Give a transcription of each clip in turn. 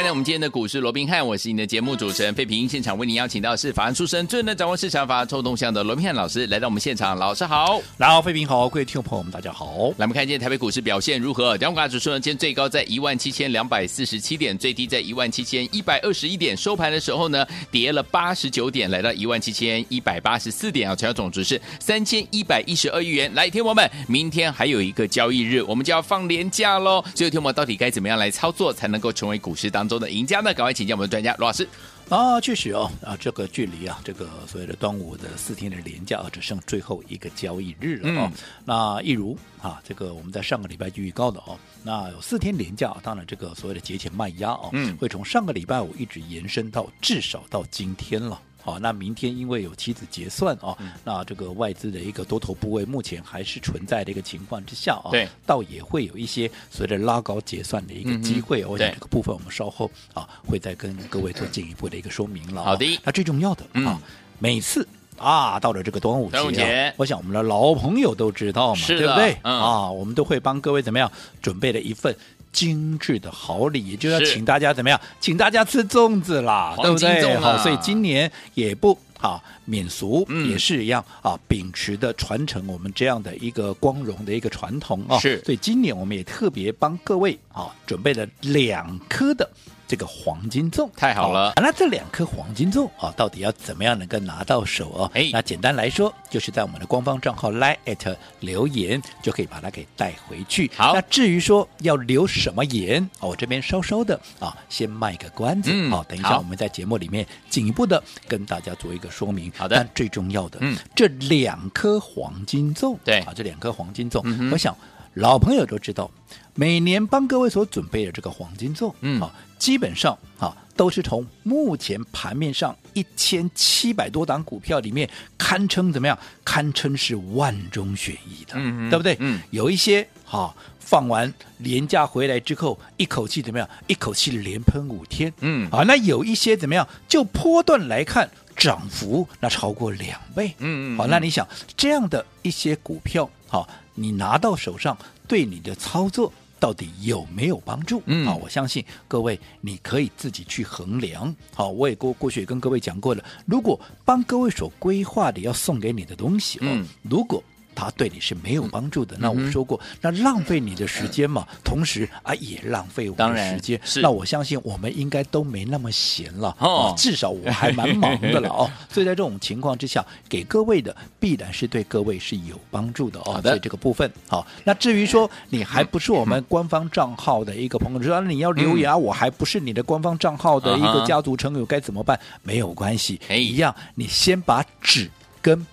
歡迎來我們今天的股市羅賓漢，我是你的節目主持人費平。現場為您邀請到的是法律出身、最能掌握市場法、抽動向的羅賓漢老師來到我們現場。老師好，然後費平好，各位聽眾朋友們大家好。來，我們看今天台北股市表現如何？兩股指數呢，今天最高在一萬七千兩百四十七點，最低在一萬七千一百二十一點，收盤的時候呢，跌了八十九點，來到一萬七千一百八十四點啊。成交總值是三千一百一十二億元。來，聽友們，明天還有一個交易日，我們就要放連假嘍。最後聽友們到底該怎麼樣來操作才能夠成為股市當？中的贏家呢？趕快請教我們的專家羅老師啊！確實哦，啊，這個距離啊，這個所謂的端午的四天的連假，啊，只剩最後一個交易日了、哦、啊。嗯、那一如啊，這個我們在上個禮拜就預告的哦，那有四天連假，當然這個所謂的節前賣壓哦，嗯、會從上個禮拜五一直延伸到至少到今天了。好、哦，那明天因為有期指結算啊，嗯、那這個外資的一個多頭部位目前還是存在的一個情況之下啊，對，倒也會有一些隨着拉高結算的一個機會，嗯、哼我想這個部分我們稍後對啊會再跟各位做進一步的一個說明了。好的、啊，那最重要的啊，嗯、每次啊到了這個端午節，午節我想我們的老朋友都知道嘛，是的對不對？嗯、啊，我們都會幫各位怎麼樣準備了一份。精緻的好禮，就要請大家怎麼樣？是請大家吃粽子啦，啊、對不對？好，所以今年也不啊免俗，嗯、也是一樣啊，秉持的傳承我們這樣的一個光榮的一個傳統啊。是、哦，所以今年我們也特別幫各位啊準備了兩顆的。這個黃金粽太好了、哦，那這兩顆黃金粽啊、哦，到底要怎麼樣能夠拿到手哦？哎、那簡單來說，就是在我們的官方賬號 LINE at 留言，就可以把它給帶回去。好，那至於說要留什麼言我、哦、這邊稍稍的啊、哦，先賣個關子，好、嗯哦，等一下我們在節目裡面進一步的跟大家做一個說明。好的，最重要的，嗯這對，這兩顆黃金粽，對啊、嗯哼，這兩顆黃金粽，我想老朋友都知道。每年幫各位所準備的這個黃金座，嗯啊，基本上啊都是從目前盤面上一千七百多檔股票裡面，堪稱怎麼樣？堪稱是萬中選一的，嗯,嗯對不對？嗯，有一些哈、啊、放完連假回來之後，一口氣怎麼樣？一口氣連噴五天，嗯啊，那有一些怎麼樣？就波段來看，漲幅那超過兩倍，嗯嗯，嗯好，那你想、嗯、這樣的一些股票，好、啊，你拿到手上，對你的操作。到底有沒有幫助？嗯，好、哦，我相信各位你可以自己去衡量。好、哦，我也過過去也跟各位講過了，如果幫各位所規劃的要送給你的東西，嗯，如果。他對你是沒有幫助的。那我說過，那浪費你的時間嘛，同時啊也浪費我們時間。那我相信我們應該都沒那麼閒了，哦，至少我還蠻忙的了哦。所以在這種情況之下，給各位的必然是對各位是有幫助的哦。對這個部分，好。那至於說你還不是我們官方賬號的一個朋友，說你要留言，我還不是你的官方賬號的一個家族成員，該怎麼辦？沒有關係，一樣，你先把紙跟。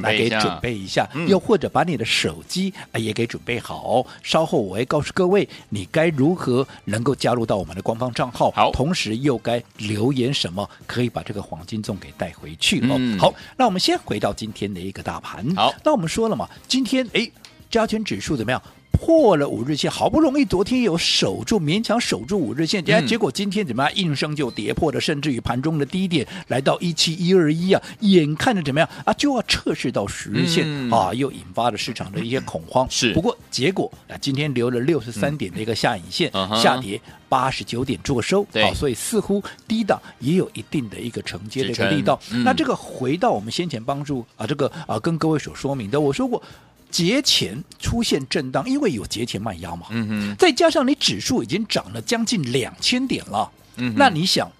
來給準備一下，嗯、又或者把你的手機也給準備好。稍後我會告訴各位，你該如何能夠加入到我們的官方賬號，好，同時又該留言什麼，可以把這個黃金粽給帶回去哦。嗯、好，那我們先回到今天的一個大盤。好，那我們說了嘛，今天哎，加權指數怎麼樣？破了五日線，好不容易昨天有守住，勉強守住五日線，結、嗯、結果今天怎麼樣？應聲就跌破了，甚至於盤中的低點來到一七一二一啊！眼看着怎麼樣啊？就要測試到十日線、嗯、啊，又引發了市場的一些恐慌。嗯、是不過結果啊，今天留了六十三點的一個下影線，嗯嗯嗯、下跌八十九點，作收。啊、對、啊，所以似乎低檔也有一定的一個承接的一個力道。嗯、那這個回到我們先前幫助啊，這個啊，跟各位所說明的，我說過。節前出現震盪，因為有節前賣壓嘛。嗯嗯哼。再加上你指數已經漲了將近兩千點了。嗯哼。那你想，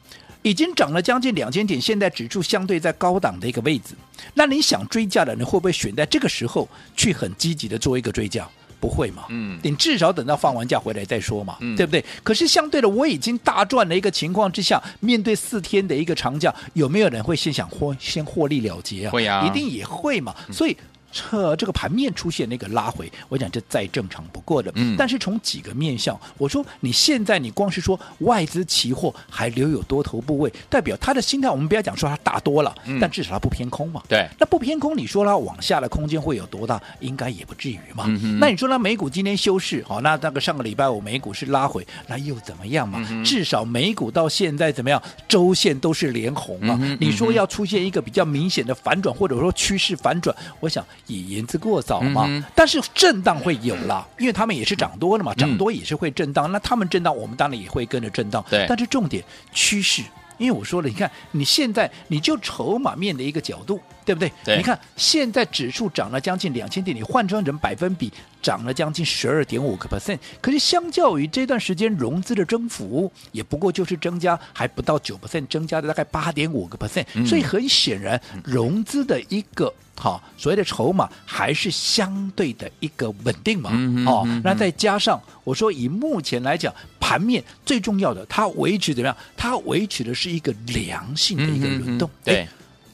已經漲了將近兩千點，現在指數相對在高檔的一個位置，那你想追價的人會不會選在這個時候去很積極的做一個追價？不會嘛。嗯。你至少等到放完假回來再說嘛。嗯。對不對？可是相對的，我已經大賺了一個情況之下，面對四天的一個長假，有沒有人會先想獲先獲利了結啊？會啊。一定也會嘛。嗯。所以。這這個盤面出現那個拉回，我想這再正常不過的。嗯、但是從幾個面向，我說你現在你光是說外資期貨還留有多頭部位，代表他的心態，我們不要講說他打多了，嗯、但至少他不偏空嘛。對，那不偏空，你說他往下的空間會有多大？應該也不至於嘛。嗯、哼那你說那美股今天休市，好，那那個上個禮拜五美股是拉回，那又怎麼樣嘛？嗯、哼至少美股到現在怎麼樣，週線都是連紅了，啊嗯嗯、你說要出現一個比較明顯的反轉，或者說趨勢反轉，我想。也言之過早嘛，嗯嗯，但是震盪會有了，因為他們也是漲多了嘛，嗯、漲多也是會震盪。那他們震盪，我們當然也會跟着震盪。嗯、但是重點趨勢，因為我說了，你看你現在你就籌碼面的一個角度。對不對？對你看，現在指數漲了將近兩千點，你換算成人百分比漲了將近十二點五個 percent。可是，相較於這段時間融資的增幅，也不過就是增加還不到九 percent，增加的大概八點五個 percent。嗯、所以，很顯然，融資的一個哈、哦、所謂的籌碼還是相對的一個穩定嘛。哦，那、嗯嗯嗯、再加上我說，以目前來講，盤面最重要的，它維持怎麼樣？它維持的是一個良性的一個輪動，嗯嗯嗯、對。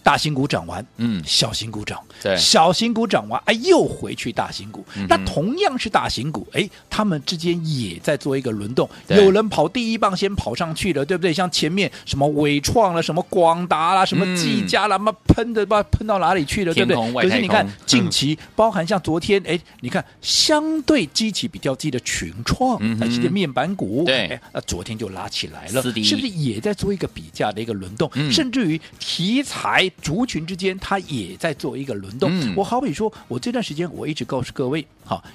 大型股漲完，嗯，小型股漲，對，小型股漲完，哎，又回去大型股，那同樣是大型股，哎，他們之間也在做一個輪動，有人跑第一棒先跑上去了，對不對？像前面什麼緯創了，什麼廣達啦，什麼技嘉了，什麼噴的吧，噴到哪裡去了，對不對？可是你看近期，包含像昨天，哎，你看相對基期比較低的群創，那這些面板股，對，昨天就拉起來了，是不是也在做一個比價的一個輪動？甚至於題材，族群之間，它也在做一個輪動。嗯、我好比說，我這段時間我一直告訴各位，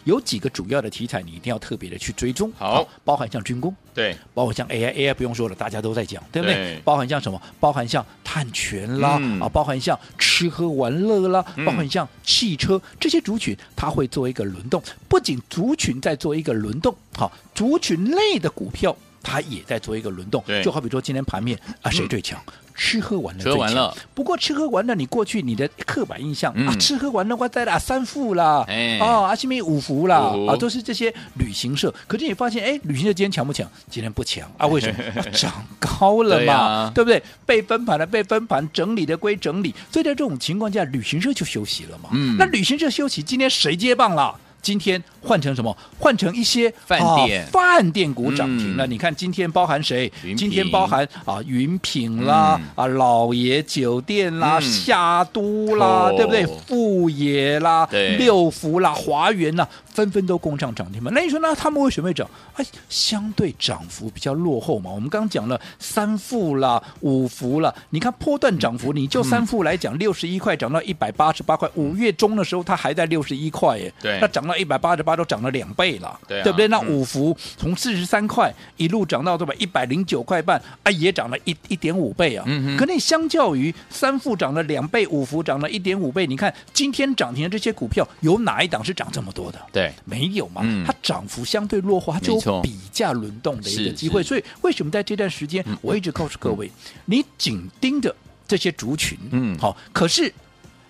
有幾個主要的題材你一定要特別的去追蹤，好、啊，包含像軍工，對，包括像 AI，AI AI 不用說了，大家都在講，對不對？對，包含像什麼？包含像碳權啦、嗯、啊，包含像吃喝玩樂啦，嗯、包含像汽車這些族群，它會做一個輪動。不僅族群在做一個輪動，好，族群內的股票它也在做一個輪動。對就好比說今天盤面啊，嗯、誰最強？吃喝玩樂，吃完了。不過吃喝玩樂，你過去你的刻板印象、嗯、啊，吃喝玩樂話在啦山富啦，嘿哦阿信、啊、米五福啦，五啊都是這些旅行社。可是你發現，哎，旅行社今天強不強？今天不強啊？為什麼？ 啊、漲高了嘛，對，啊、對不對？被分盤了，被分盤整理的歸整理。所以在這種情況下，旅行社就休息了嘛。嗯、那旅行社休息，今天誰接棒了？今天換成什麼？換成一些飯店，啊、飯店股漲停了。嗯、你看今天包含誰？品今天包含啊雲品啦，嗯、啊老爺酒店啦，夏、嗯、都啦，頭對不對？富野啦，對六福啦，華園啦。紛紛都攻上漲停嘛，那你說那他們為什麼會漲？哎，相對漲幅比較落後嘛。我們剛剛講了三福啦，五福啦，你看波段漲幅，你就三福來講，六十一塊漲到一百八十八塊，五、嗯、月中的時候它還在六十一塊耶，對，那漲到一百八十八都漲了兩倍了，對，啊、對不對？那五福從四十三塊一路漲到對吧一百零九塊半，啊、哎、也漲了一一點五倍啊。嗯、哼可那相較於三福漲了兩倍，五福漲了一點五倍，你看今天漲停的這些股票，有哪一檔是漲這麼多的？對。沒有嘛，它漲幅相對落後，就有比較輪動的一個機會。所以為什麼在這段時間，我一直告訴各位，你緊盯着這些族群，嗯，好。可是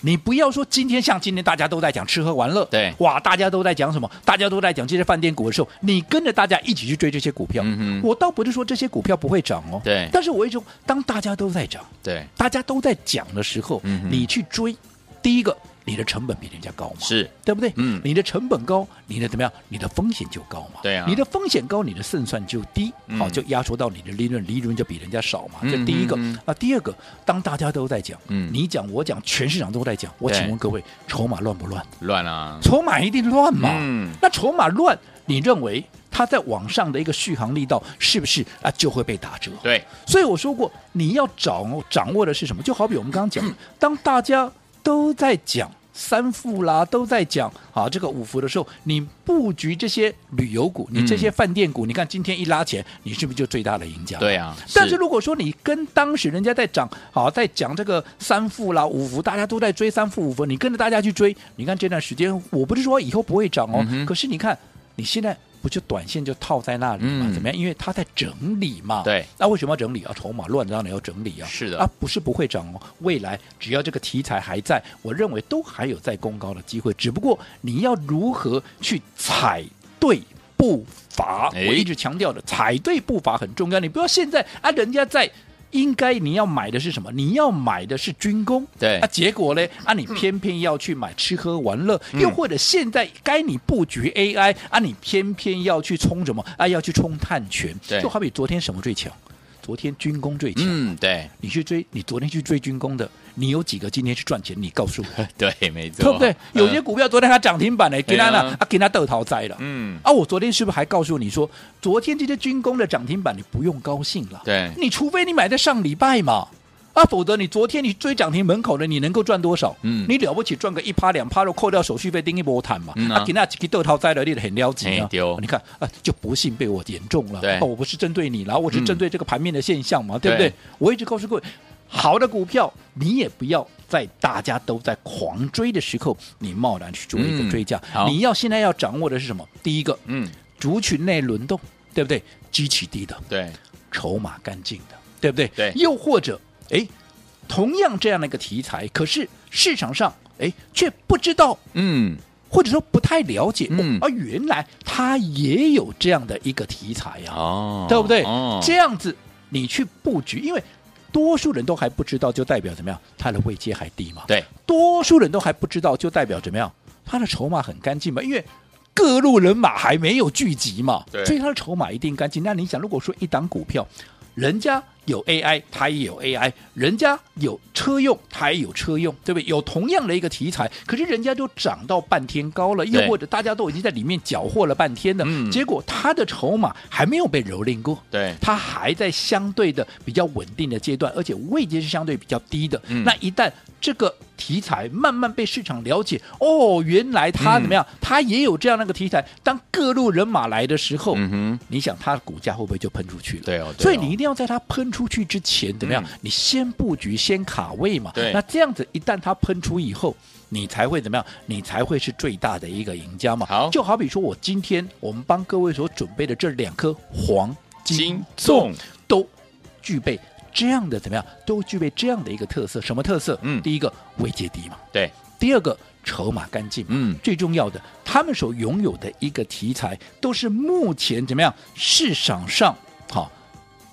你不要說今天像今天大家都在講吃喝玩樂，對哇，大家都在講什麼？大家都在講這些飯店股的時候，你跟着大家一起去追這些股票。我倒不是說這些股票不會漲哦，對。但是我一直說當大家都在漲，對，大家都在講的時候，你去追第一個。你的成本比人家高嘛，是對不對？嗯，你的成本高，你的怎麼樣？你的風險就高嘛。對啊，你的風險高，你的勝算就低，好，就壓縮到你的利潤，利潤就比人家少嘛。這第一個，那第二個，當大家都在講，你講我講，全市場都在講，我請問各位，籌碼亂不亂？亂啊，籌碼一定亂嘛。嗯，那籌碼亂，你認為它在網上的一個續航力道是不是啊就會被打折？對，所以我說過，你要掌握，掌握的是什麼？就好比我們剛剛講，當大家，都在講三富啦，都在講啊這個五福的時候，你布局這些旅遊股，你這些飯店股，嗯、你看今天一拉錢，你是不是就最大的贏家？對啊。是。但是如果說你跟當時人家在講，好、啊、在講這個三富啦五福，大家都在追三富五福，你跟着大家去追，你看這段時間，我不是說以後不會漲哦，嗯、哼可是你看你現在。不就短線就套在那裡嘛？嗯、怎麼樣？因為他在整理嘛。對，那、啊、為什麼要整理啊？籌碼亂張的要整理啊。是的啊，不是不會漲哦。未來只要這個題材還在，我認為都還有再攻高的機會。只不過你要如何去踩對步伐？哎、我一直強調的，踩對步伐很重要。你不要現在啊，人家在。應該你要買的是什麼？你要買的是軍工。對。那、啊、結果呢？嗯、啊，你偏偏要去買吃喝玩樂，嗯、又或者現在該你布局 AI，啊，你偏偏要去衝什麼？啊，要去衝碳權。對。就好比昨天什麼最強？昨天軍工最強、啊，嗯，對，你去追，你昨天去追軍工的，你有幾個今天去賺錢？你告訴我，對，沒錯，對不對？有些股票昨天它漲停板呢，欸，給它呢啊，給它豆逃災了，嗯，啊，我昨天是不是還告訴你說，昨天這些軍工的漲停板你不用高興了，對，你除非你買在上禮拜嘛。啊，否則你昨天你追漲停門口的，你能夠賺多少？嗯，你了不起賺個一趴兩趴的，扣掉手續費，頂一波談嘛。啊，給那幾個豆你很了解啊。你看啊，就不幸被我言中了。我不是針對你，然後我是針對這個盤面的現象嘛，對不對？我一直告訴各位，好的股票，你也不要，在大家都在狂追的時候，你貿然去做一個追價。你要現在要掌握的是什麼？第一個，嗯，族群內輪動，對不對？基期低的，對，籌碼乾淨的，對不對？對，又或者。誒，同樣這樣的一個題材，可是市場上誒卻不知道，嗯，或者說不太了解，嗯，而、哦啊、原來它也有這樣的一個題材呀、啊，哦、對不對？哦、這樣子你去布局，因為多數人都還不知道，就代表怎麼樣，它的位階還低嘛？對，多數人都還不知道，就代表怎麼樣，它的籌碼很乾淨嘛？因為各路人馬還沒有聚集嘛，對所以它的籌碼一定乾淨。那你想，如果說一檔股票，人家。有 AI，它也有 AI，人家有車用，它也有車用，對不對？有同樣的一個題材，可是人家都漲到半天高了，對又或者大家都已經在裡面攪和了半天了，嗯、結果它的籌碼還沒有被蹂躪過，對，它還在相對的比較穩定的階段，而且位階是相對比較低的。嗯、那一旦這個。題材慢慢被市場了解哦，原來它怎麼樣？它、嗯、也有這樣的一個題材。當各路人馬來的時候，嗯、哼你想它的股價會不會就噴出去了？對哦，對哦。所以你一定要在它噴出去之前怎麼樣？嗯、你先布局，先卡位嘛。對，那這樣子一旦它噴出以後，你才會怎麼樣？你才會是最大的一個贏家嘛。好，就好比說我今天我們幫各位所準備的這兩顆黃金粽重都具備。這樣的怎麼樣都具備這樣的一個特色，什麼特色？嗯，第一個位階低嘛，對；第二個籌碼乾淨，嗯，最重要的，他們所擁有的一個題材都是目前怎麼樣市場上哈、哦、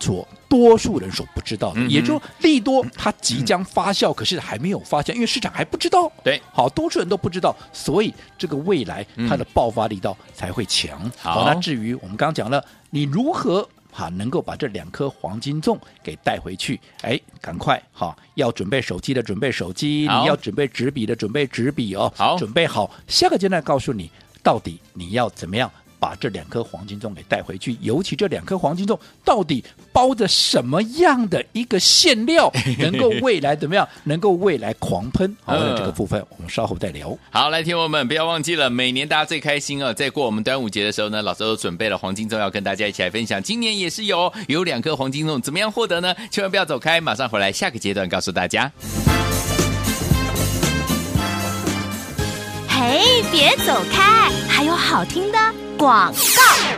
所多數人所不知道的，嗯、也就是利多、嗯、它即將發酵，嗯、可是還沒有發酵，因為市場還不知道，對，好多數人都不知道，所以這個未來它的爆發力道才會強。嗯、好，好，那至於我們剛，剛講了，你如何？哈，能夠把這兩顆黃金粽給帶回去，哎，趕快哈，要準備手機的準備手機，好你要準備紙筆的準備紙筆哦，好準備好，下個階段告訴你到底你要怎麼樣。把這兩顆黃金粽給帶回去，尤其這兩顆黃金粽到底包着什麼樣的一個餡料，能夠未來怎麼樣？ 能夠未來狂噴？好的，嗯、這個部分我們稍後再聊。好，來，聽眾們不要忘記了，每年大家最開心啊，在過我們端午節的時候呢，老周都準備了黃金粽要跟大家一起來分享，今年也是有有兩顆黃金粽，怎麼樣獲得呢？千萬不要走開，馬上回來，下個階段告訴大家。嘿，hey, 別走開，還有好聽的。廣告，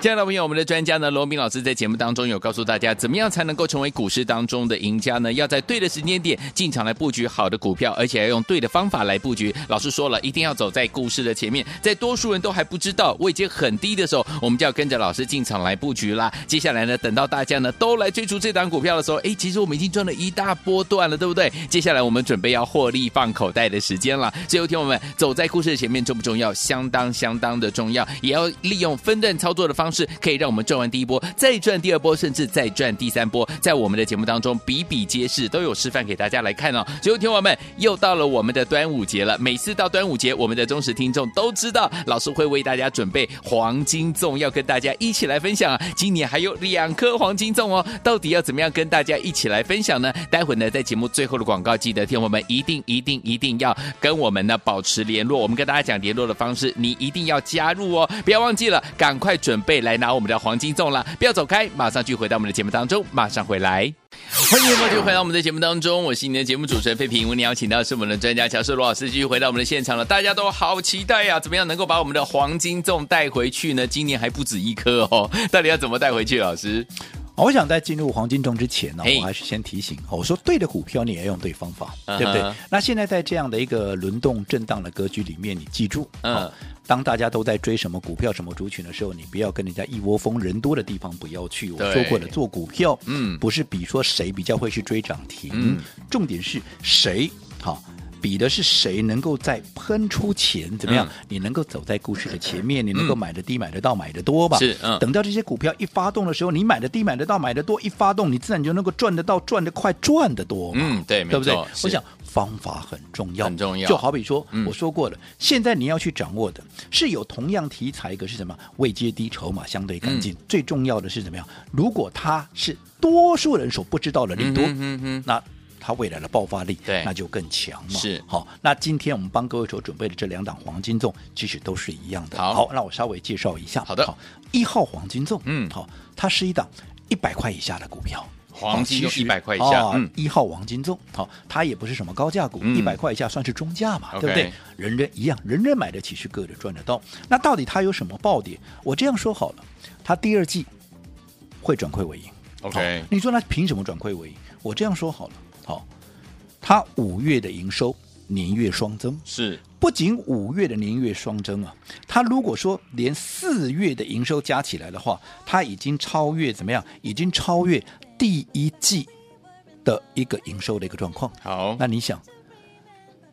親愛的朋友，我們的專家呢，羅明老師在節目當中有告訴大家，怎麼樣才能夠成為股市當中的贏家呢？要在對的時間點進場來佈局好的股票，而且要用對的方法來佈局。老師說了一定要走在股市的前面，在多數人都還不知道、位階很低的時候，我們就要跟着老師進場來佈局啦。接下來呢，等到大家呢都來追逐這檔股票的時候，哎，其實我們已經賺了一大波段了，對不對？接下來我們準備要獲利放口袋的時間了。所以，聽友們，走在股市的前面重不重要？相當相當的重要，也要利用。用分段操作的方式，可以讓我們賺完第一波，再賺第二波，甚至再賺第三波。在我們的節目當中，比比皆是，都有示範給大家來看哦。最後，聽友們又到了我們的端午節了。每次到端午節，我們的忠實聽眾都知道，老師會為大家準備黃金粽，要跟大家一起來分享啊。今年還有兩顆黃金粽哦，到底要怎麼樣跟大家一起來分享呢？待會呢，在節目最後的廣告，記得聽友們一定一定一定要跟我們呢保持聯絡。我們跟大家講聯絡的方式，你一定要加入哦，不要忘記了。趕快準備來拿我們的黃金粽了，不要走開，馬上就回到我們的節目當中，馬上回來，歡迎各位回到我們的節目當中，我是你的節目主持人費平，為你邀請到是我們的專家教授羅老師，繼續回到我們的現場了，大家都好期待呀，啊，怎麼樣能夠把我們的黃金粽帶回去呢？今年還不止一顆哦，到底要怎麼帶回去，老師？我想在進入黃金週之前呢，我還是先提醒，hey, 我說對的股票你也要用對方法，uh huh. 對不對？那現在在這樣的一個輪動震盪的格局裡面，你記住，哦 uh, 當大家都在追什麼股票什麼族群的時候，你不要跟人家一窩蜂，人多的地方不要去。對我說過了，做股票，嗯，不是比說誰比較會去追漲停，uh huh. 重點是誰，好、哦。比的是誰能夠在噴出前怎麼樣？你能夠走在故事的前面，你能夠買得低、買得到、買得多吧？是，等到這些股票一發動的時候，你買得低、買得到、買得多，一發動，你自然就能夠賺得到、賺得快、賺得多。嗯，對，對不對？我想方法很重要，很重要。就好比說，我說過了，現在你要去掌握的是有同樣題材，一個是什麼？未接低籌碼，相對乾淨。最重要的是怎麼樣？如果它是多數人所不知道的利多，嗯嗯，那。它未來的爆發力，對，那就更強嘛。是，好，那今天我們幫各位所準備的這兩檔黃金粽，其實都是一樣的。好，那我稍微介紹一下。好的，一號黃金粽。嗯，好，它是一檔一百塊以下的股票，黃金一百塊以下，一號黃金粽。好，它也不是什麼高價股，一百塊以下算是中價嘛，對不對？人人一樣，人人買得起，是個人賺得到。那到底它有什麼爆點？我這樣說好了，它第二季會轉虧為盈。OK，你說他憑什麼轉虧為盈？我這樣說好了。好，哦，他五月的營收年月雙增是，不僅五月的年月雙增啊，他如果說連四月的營收加起來的話，他已經超越怎麼樣？已經超越第一季的一個營收的一個狀況。好，那你想，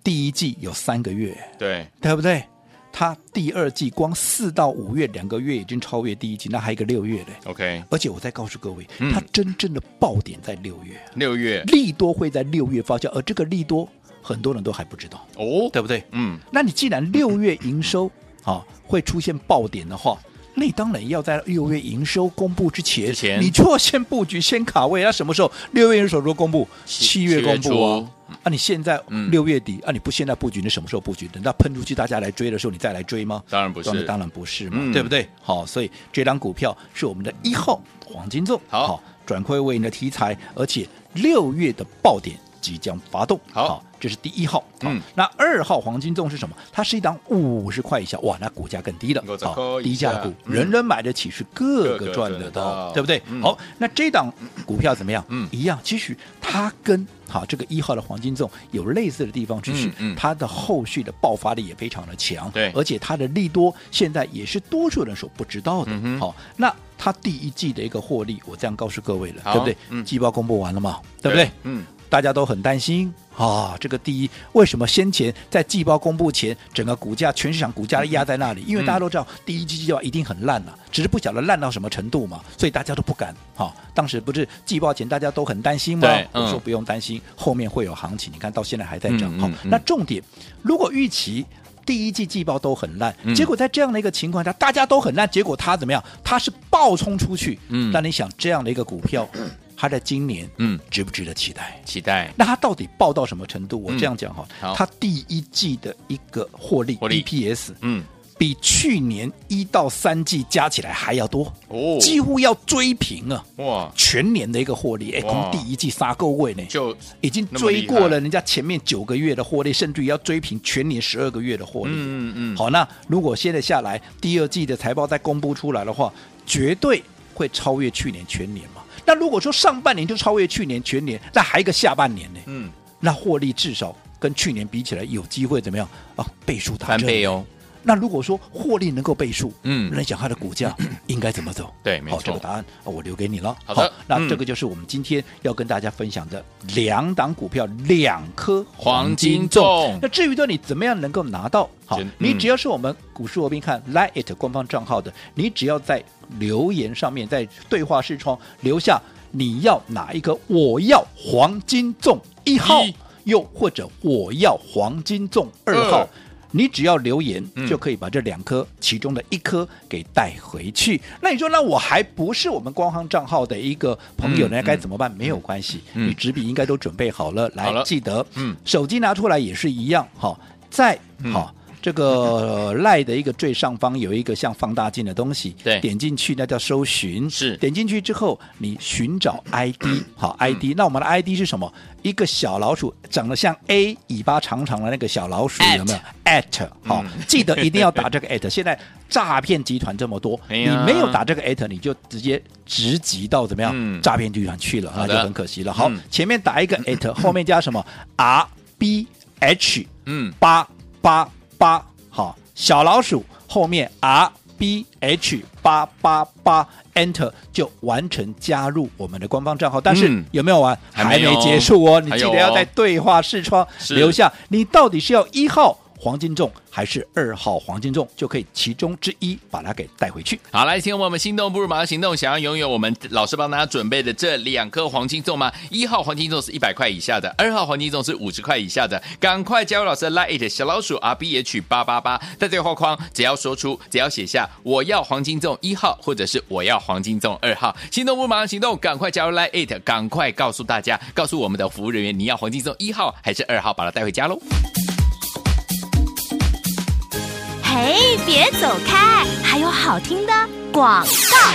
第一季有三個月，對，對不對？他第二季光四到五月兩個月已經超越第一季，那還有一個六月嘞。OK，而且我再告訴各位，嗯、它真正的爆點在六月。六月利多會在六月發酵，而這個利多很多人都還不知道。哦，oh, 對不對？嗯，那你既然六月營收 啊會出現爆點的話。那你當然要在六月營收公布之前，之前你就要先布局、先卡位。那、啊、什麼時候六月營收公布七？七月公布月哦。啊，你現在、嗯、六月底啊，你不現在布局，你什麼時候布局？等到噴出去，大家來追的時候，你再來追嗎？當然不是，當然，當然不是嘛，嗯、對不對？好，所以這張股票是我們的一號黃金咒。好，哦、轉虧為盈的題材，而且六月的爆點即將發動。好。哦。這是第一號，嗯，那二號黃金粽是什麼？它是一檔五十塊以下，哇，那股價更低了，好低價股，人人買得起，是各個賺得到，對不對？好，那這檔股票怎麼樣？嗯，一樣。其實它跟哈這個一號的黃金粽有類似的地方，就是它的後續的爆發力也非常的強，對，而且它的利多現在也是多數人所不知道的。好，那它第一季的一個獲利，我這樣告訴各位了，對不對？季報公布完了嘛，對不對？嗯。大家都很擔心啊、哦，這個第一為什麼先前在季報公布前，整個股價全市場股價都壓在那裡？嗯、因為大家都知道第一季季報一定很爛了、啊，只是不曉得爛到什麼程度嘛，所以大家都不敢哈、哦。當時不是季報前大家都很擔心嗎？嗯、我說不用擔心，嗯、後面會有行情。你看到現在還在漲、嗯嗯、好，那重點，如果預期第一季季報都很爛，嗯、結果在這樣的一個情況下，大家都很爛，結果它怎麼樣？它是暴衝出去。那、嗯、你想這樣的一個股票？嗯他在今年，嗯，值不值得期待？嗯、期待。那他到底爆到什麼程度？我這樣講哈、哦，嗯、他第一季的一個獲利，利，EPS，嗯，比去年一到三季加起來還要多，哦，幾乎要追平啊哇，全年的一個獲利，哎，從哇第一季三個位呢，就已經追過了人家前面九個月的獲利，甚至於要追平全年十二個月的獲利。嗯，嗯嗯。好，那如果現在下來，第二季的財報再公布出來的話，絕對會超越去年全年。那如果說上半年就超越去年全年，那還一個下半年呢？嗯，那獲利至少跟去年比起來有機會怎麼樣啊？倍數大，翻倍哦。那如果說獲利能夠倍數，嗯，那想它的股價、嗯、應該怎麼走？對，沒錯。好，這個答案我留給你了。好，的好，那這個就是我們今天要跟大家分享的兩檔股票，兩顆黃金種。金那至於說你怎麼樣能夠拿到？好，嗯、你只要是我們股市活兵看 l i t 官方賬號的，你只要在。留言，上面在對話視窗留下你要哪一個？我要黃金粽一號，又或者我要黃金粽二號，你只要留言就可以把這兩顆其中的一顆給帶回去。那你說，那我還不是我們官方賬號的一個朋友呢？該怎麼辦？沒有關係，你紙筆應該都準備好了，來，記得，手機拿出來也是一樣，好，再好。這個賴的一個最上方有一個像放大鏡的東西，對，點進去那叫搜尋，是，點進去之後你尋找 I D，好 I D，那我們的 I D 是什麼？一個小老鼠，長得像 A 尾巴長長的那個小老鼠，有沒有？艾特。好，記得一定要打這個 at。現在詐騙集團這麼多，你沒有打這個 at，你就直接直擊到怎麼樣詐騙集團去了啊？就很可惜了。好，前面打一個 at，後面加什麼？R B H，嗯，八八。八好，小老鼠後面 R B H 八八八 Enter 就完成加入我們的官方賬號。但是有沒有完？嗯、還沒結束哦，哦，你記得要在對話視窗、哦、留下，是你到底是要一號。黃金粽還是二號黃金粽就可以其中之一把它給帶回去。好來，朋友們，我們心動不如馬上行動，想要擁有我們老師幫大家準備的這兩顆黃金粽嗎？一號黃金粽是一百塊以下的，二號黃金粽是五十塊以下的。趕快加入老師 LINE ID 小老鼠 R B H 八八八，在對話框只要說出，只要寫下我要黃金粽一號或者是我要黃金粽二號。心動不如馬上行動，趕快加入 LINE ID，趕快告訴大家，告訴我們的服務人員你要黃金粽一號還是二號，把它帶回家嘍。哎，別走開！還有好聽的廣告。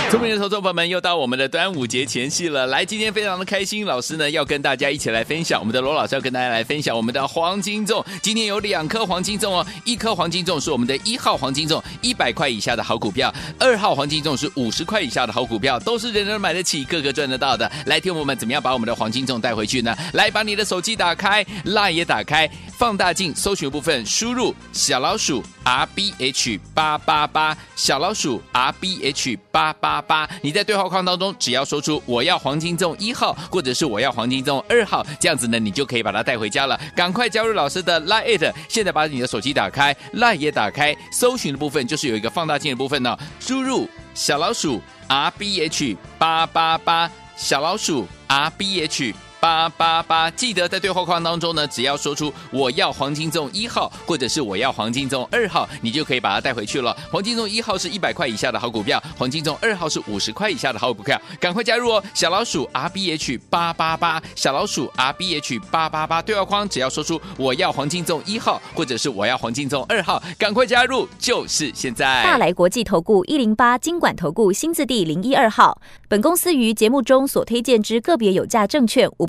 聰明的投資朋友們，又到我們的端午節前夕了。來，今天非常的開心，老師呢要跟大家一起來分享。我們的羅老師要跟大家來分享我們的黃金粽。今天有兩顆黃金粽哦、喔，一顆黃金粽是我們的一號黃金粽，一百塊以下的好股票；二號黃金粽是五十塊以下的好股票，都是人人買得起、個個賺得到的。來聽我們怎麼樣把我們的黃金粽帶回去呢？來，把你的手機打開，LINE 也打開，放大鏡，搜尋部分，輸入小老鼠 R B。h 八八八小老鼠 rbh 八八八，你在對話框當中只要說出我要黃金粽一號，或者是我要黃金粽二號，這樣子呢，你就可以把它帶回家了。趕快加入老師的 LINE@，現在把你的手機打開 LINE 也打開，搜尋的部分就是有一個放大鏡的部分呢、哦，輸入小老鼠 rbh 八八八小老鼠 rbh。八八八，記得在對話框當中呢，只要說出我要黃金粽一號，或者是我要黃金粽二號，你就可以把它帶回去了。黃金粽一號是一百塊以下的好股票，黃金粽二號是五十塊以下的好股票，趕快加入哦！小老鼠 R B H 八八八，小老鼠 R B H 八八八，對話框只要說出我要黃金粽一號，或者是我要黃金粽二號，趕快加入，就是現在！大來國際投顧一零八，金管投顧新字第零一二號，本公司於節目中所推薦之個別有價證券無。